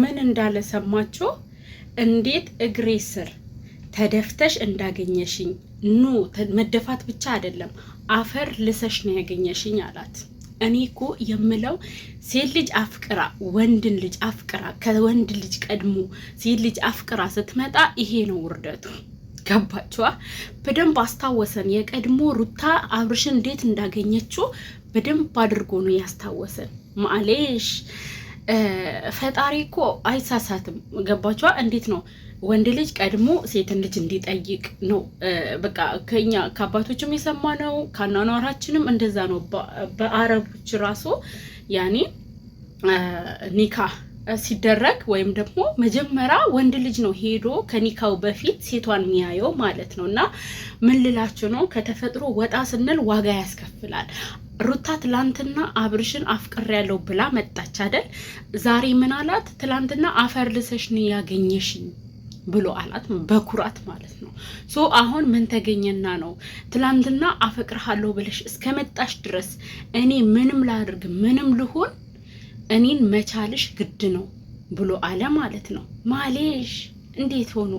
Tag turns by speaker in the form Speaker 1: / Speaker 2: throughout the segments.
Speaker 1: ምን እንዳለ ሰማችሁ? እንዴት እግሬ ስር ተደፍተሽ እንዳገኘሽኝ ኑ፣ መደፋት ብቻ አይደለም አፈር ልሰሽ ነው ያገኘሽኝ አላት። እኔ እኮ የምለው ሴት ልጅ አፍቅራ ወንድን ልጅ አፍቅራ ከወንድ ልጅ ቀድሞ ሴት ልጅ አፍቅራ ስትመጣ ይሄ ነው ውርደቱ። ገባችኋ? በደንብ አስታወሰን። የቀድሞ ሩታ አብርሽን እንዴት እንዳገኘችው በደንብ አድርጎ ነው ያስታወሰን። ማሌሽ ፈጣሪ እኮ አይሳሳትም። ገባችኋ? እንዴት ነው ወንድ ልጅ ቀድሞ ሴትን ልጅ እንዲጠይቅ ነው። በቃ ከኛ ከአባቶችም የሰማ ነው፣ ከአኗኗራችንም እንደዛ ነው። በአረቦች ራሱ ያኔ ኒካ ሲደረግ ወይም ደግሞ መጀመሪያ ወንድ ልጅ ነው ሄዶ ከኒካው በፊት ሴቷን የሚያየው ማለት ነው። እና ምን ልላችሁ ነው ከተፈጥሮ ወጣ ስንል ዋጋ ያስከፍላል። ሩታ ትላንትና አብርሽን አፍቅር ያለው ብላ መጣች አደል? ዛሬ ምን አላት? ትላንትና አፈር ልሰሽ ነው ያገኘሽኝ ብሎ አላት፣ በኩራት ማለት ነው። ሶ አሁን ምን ተገኘና ነው ትላንትና አፈቅርሃለሁ ብለሽ እስከመጣሽ ድረስ እኔ ምንም ላድርግ ምንም ልሆን እኔን መቻልሽ ግድ ነው ብሎ አለ ማለት ነው። ማሌሽ እንዴት ሆኖ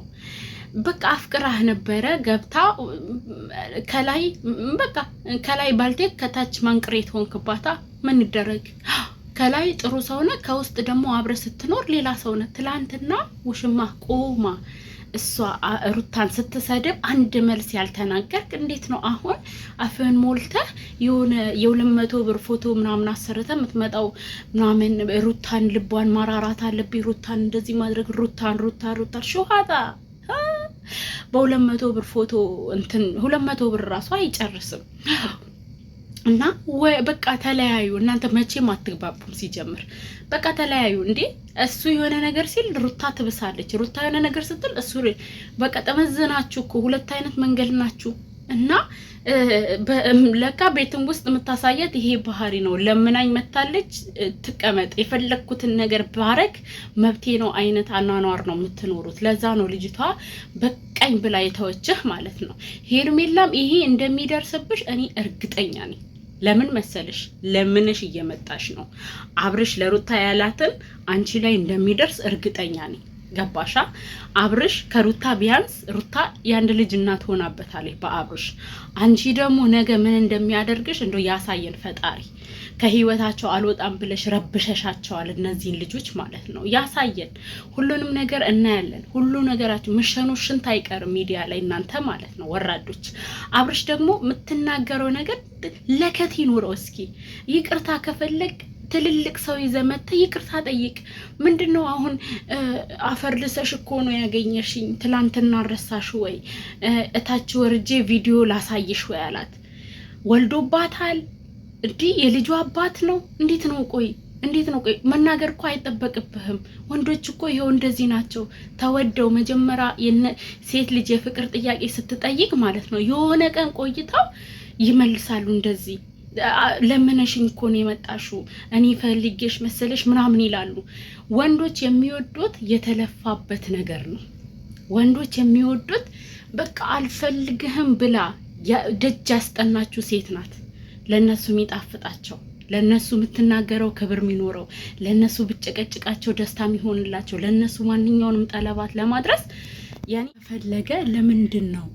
Speaker 1: በቃ አፍቅራህ ነበረ ገብታ ከላይ በቃ ከላይ ባልቴክ ከታች ማንቅሬት ሆንክባታ። ምን ይደረግ? ከላይ ጥሩ ሰውነ፣ ከውስጥ ደግሞ አብረ ስትኖር ሌላ ሰውነ። ትላንትና ውሽማ ቆማ እሷ ሩታን ስትሰድብ አንድ መልስ ያልተናገርክ እንዴት ነው አሁን አፍህን ሞልተህ የሆነ የሁለት መቶ ብር ፎቶ ምናምን አሰርተ የምትመጣው ምናምን ሩታን ልቧን ማራራት አለብኝ ሩታን እንደዚህ ማድረግ ሩታን ሩታን ሩታን ሸኋታ በሁለት መቶ ብር ፎቶ እንትን ሁለት መቶ ብር ራሱ አይጨርስም። እና በቃ ተለያዩ። እናንተ መቼም አትግባቡም። ሲጀምር በቃ ተለያዩ። እንዴ እሱ የሆነ ነገር ሲል ሩታ ትብሳለች፣ ሩታ የሆነ ነገር ስትል እሱ በቃ ጠመዘናችሁ እኮ ሁለት አይነት መንገድ ናችሁ። እና ለካ ቤትም ውስጥ የምታሳያት ይሄ ባህሪ ነው። ለምናኝ መታለች ትቀመጥ፣ የፈለግኩትን ነገር ባረግ መብቴ ነው አይነት አኗኗር ነው የምትኖሩት። ለዛ ነው ልጅቷ በቃኝ ብላ የተወችህ ማለት ነው። ሄርሜላም ይሄ እንደሚደርስብሽ እኔ እርግጠኛ ነኝ። ለምን መሰልሽ? ለምንሽ እየመጣሽ ነው። አብርሽ ለሩታ ያላትን አንቺ ላይ እንደሚደርስ እርግጠኛ ነኝ። ገባሻ? አብርሽ ከሩታ ቢያንስ ሩታ የአንድ ልጅ እናት ሆናበታለች በአብርሽ። አንቺ ደግሞ ነገ ምን እንደሚያደርግሽ እንደው ያሳየን ፈጣሪ። ከህይወታቸው አልወጣም ብለሽ ረብሸሻቸዋል እነዚህን ልጆች ማለት ነው። ያሳየን። ሁሉንም ነገር እናያለን። ሁሉ ነገራቸው ምሸኑ ሽንት አይቀርም ሚዲያ ላይ እናንተ ማለት ነው ወራዶች። አብርሽ ደግሞ የምትናገረው ነገር ለከት ይኑረው እስኪ። ይቅርታ ከፈለግ ትልልቅ ሰው ይዘህ ይቅርታ ጠይቅ። ምንድን ነው አሁን አፈር ልሰሽ እኮ ነው ያገኘሽኝ፣ ትላንትና ረሳሽ ወይ? እታች ወርጄ ቪዲዮ ላሳይሽ ወይ አላት። ወልዶባታል። እንዲህ የልጁ አባት ነው። እንዴት ነው ቆይ እንዴት ነው ቆይ፣ መናገር እኮ አይጠበቅብህም። ወንዶች እኮ ይኸው እንደዚህ ናቸው። ተወደው መጀመሪያ ሴት ልጅ የፍቅር ጥያቄ ስትጠይቅ ማለት ነው የሆነ ቀን ቆይታው ይመልሳሉ እንደዚህ ለምነሽኝ እኮ ነው የመጣሽው፣ እኔ ፈልጌሽ መሰለሽ ምናምን ይላሉ። ወንዶች የሚወዱት የተለፋበት ነገር ነው። ወንዶች የሚወዱት በቃ አልፈልግህም ብላ ደጅ ያስጠናችሁ ሴት ናት። ለእነሱ የሚጣፍጣቸው ለእነሱ የምትናገረው ክብር የሚኖረው ለእነሱ ብጨቀጭቃቸው ደስታ የሚሆንላቸው ለእነሱ ማንኛውንም ጠለባት ለማድረስ ያኔ ፈለገ። ለምንድን ነው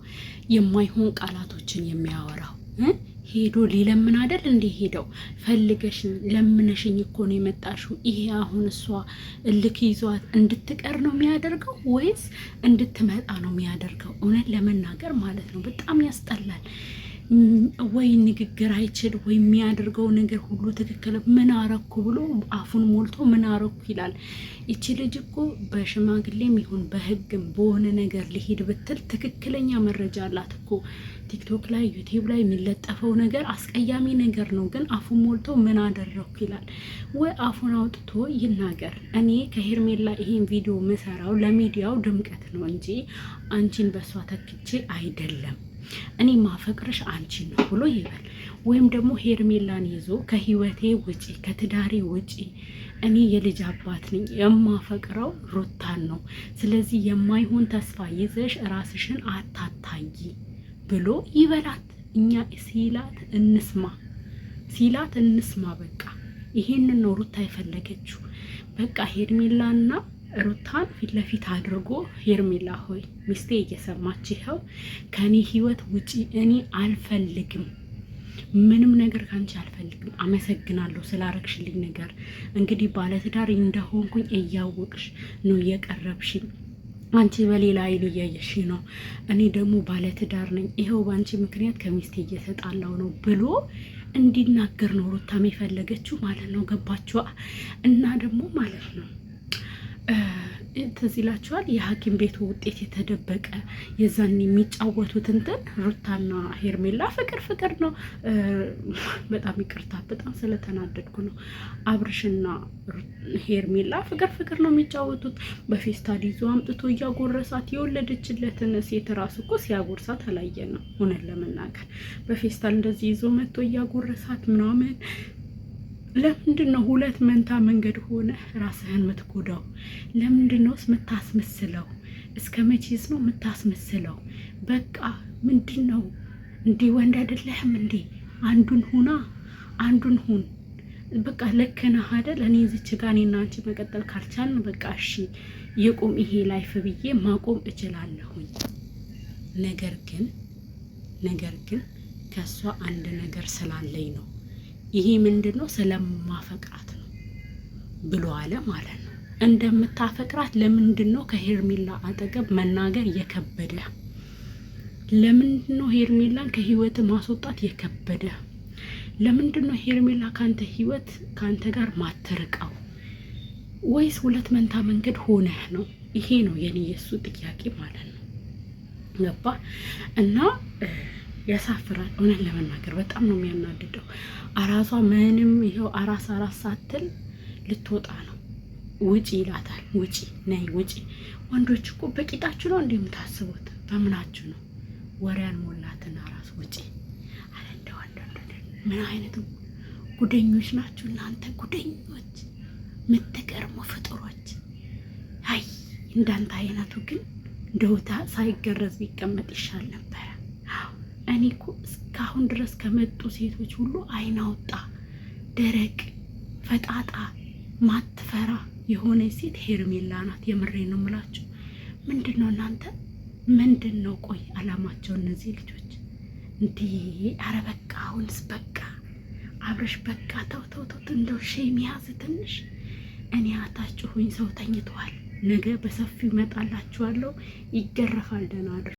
Speaker 1: የማይሆን ቃላቶችን የሚያወራው? ሄዶ ሊለምን አይደል እንዴ? ሄደው ፈልገሽ ለምነሽኝ እኮ ነው የመጣሽው። ይሄ አሁን እሷ እልክ ይዟት እንድትቀር ነው የሚያደርገው ወይስ እንድትመጣ ነው የሚያደርገው? እውነት ለመናገር ማለት ነው በጣም ያስጠላል። ወይ ንግግር አይችል ወይ የሚያደርገው ነገር ሁሉ ትክክል ምን አረኩ ብሎ አፉን ሞልቶ ምን አረኩ ይላል። ይቺ ልጅ እኮ በሽማግሌም ይሁን በህግም በሆነ ነገር ሊሄድ ብትል ትክክለኛ መረጃ አላት እኮ። ቲክቶክ ላይ ዩቲዩብ ላይ የሚለጠፈው ነገር አስቀያሚ ነገር ነው፣ ግን አፉን ሞልቶ ምን አደረኩ ይላል። ወይ አፉን አውጥቶ ይናገር። እኔ ከሄርሜላ ይሄን ቪዲዮ ምሰራው ለሚዲያው ድምቀት ነው እንጂ አንቺን በእሷ ተክቼ አይደለም። እኔ ማፈቅርሽ አንቺን ነው ብሎ ይበል። ወይም ደግሞ ሄርሜላን ይዞ ከህይወቴ ውጪ፣ ከትዳሬ ውጪ፣ እኔ የልጅ አባት ነኝ፣ የማፈቅረው ሩታን ነው፣ ስለዚህ የማይሆን ተስፋ ይዘሽ ራስሽን አታታይ ብሎ ይበላት። እኛ ሲላት እንስማ፣ ሲላት እንስማ። በቃ ይሄንን ነው ሩታ የፈለገችው። በቃ ሄርሜላና ሩታን ፊት ለፊት አድርጎ ሄርሜላ ሆይ ሚስቴ እየሰማች ይኸው ከእኔ ህይወት ውጪ እኔ አልፈልግም ምንም ነገር ከአንቺ አልፈልግም። አመሰግናለሁ ስላረግሽልኝ ነገር። እንግዲህ ባለትዳር እንደሆንኩኝ እያወቅሽ ነው እየቀረብሽኝ። አንቺ በሌላ አይን እያየሽ ነው፣ እኔ ደግሞ ባለትዳር ነኝ። ይኸው በአንቺ ምክንያት ከሚስቴ እየሰጣለው ነው ብሎ እንዲናገር ነው ሩታም የፈለገችው ማለት ነው። ገባችዋ? እና ደግሞ ማለት ነው ትዝ ይላችኋል የሐኪም ቤቱ ውጤት የተደበቀ የዛን የሚጫወቱት እንትን ሩታና ሄርሜላ ፍቅር ፍቅር ነው። በጣም ይቅርታ፣ በጣም ስለተናደድኩ ነው። አብርሽና ሄርሜላ ፍቅር ፍቅር ነው የሚጫወቱት። በፌስታል ይዞ አምጥቶ እያጎረሳት የወለደችለትን ሴት ራሱ እኮ ሲያጎርሳት አላየ ነው እውነት ለመናገር በፌስታል እንደዚህ ይዞ መጥቶ እያጎረሳት ምናምን ለምንድን ነው ሁለት መንታ መንገድ ሆነ ራስህን የምትጎዳው? ለምንድን ነውስ የምታስመስለው? እስከ መቼስ ነው የምታስመስለው? በቃ ምንድን ነው እንዲህ ወንድ አይደለህም እንዴ? አንዱን ሁና አንዱን ሁን። በቃ ልክ ነህ አይደል? እኔ እዚች ጋር እኔና አንቺ መቀጠል ካልቻልን በቃ እሺ የቁም ይሄ ላይፍ ብዬ ማቆም እችላለሁኝ። ነገር ግን ነገር ግን ከእሷ አንድ ነገር ስላለኝ ነው ይሄ ምንድን ነው? ስለማፈቅራት ነው ብሎ አለ ማለት ነው። እንደምታፈቅራት ለምንድን ነው ከሄርሜላ አጠገብ መናገር የከበደ? ለምንድን ነው ሄርሜላን ከህይወት ማስወጣት የከበደ? ለምንድን ነው ሄርሜላ ከአንተ ህይወት ከአንተ ጋር ማትርቀው? ወይስ ሁለት መንታ መንገድ ሆነህ ነው? ይሄ ነው የኔ የእሱ ጥያቄ ማለት ነው። ገባ እና ያሳፍራል። እውነት ለመናገር በጣም ነው የሚያናድደው። አራሷ ምንም ይኸው አራስ አራስ ሳትል ልትወጣ ነው። ውጪ ይላታል። ውጪ ነይ ውጪ። ወንዶች እኮ በቂጣችሁ ነው እንደምታስቡት፣ በምናችሁ ነው? ወሬያን ሞላትን አራስ ውጪ አለ። እንደ ምን አይነት ጉደኞች ናችሁ እናንተ ጉደኞች፣ የምትገርሙ ፍጡሮች። አይ እንዳንተ አይነቱ ግን እንደውታ ሳይገረዝ ቢቀመጥ ይሻል ነበረ። እኔ እኮ እስካሁን ድረስ ከመጡ ሴቶች ሁሉ አይናውጣ ደረቅ ፈጣጣ ማትፈራ የሆነ ሴት ሄርሜላ ናት። የምሬ ነው የምላችሁ። ምንድን ነው እናንተ ምንድን ነው ቆይ አላማቸው እነዚህ ልጆች እንዲህ? አረ በቃ አሁንስ በቃ አብረሽ በቃ ተውተውተውት እንደው ሼም ያዝ ትንሽ። እኔ አታችሁኝ ሰው ተኝተዋል። ነገ በሰፊው ይመጣላችኋለሁ። ይገረፋል። ደህና አድር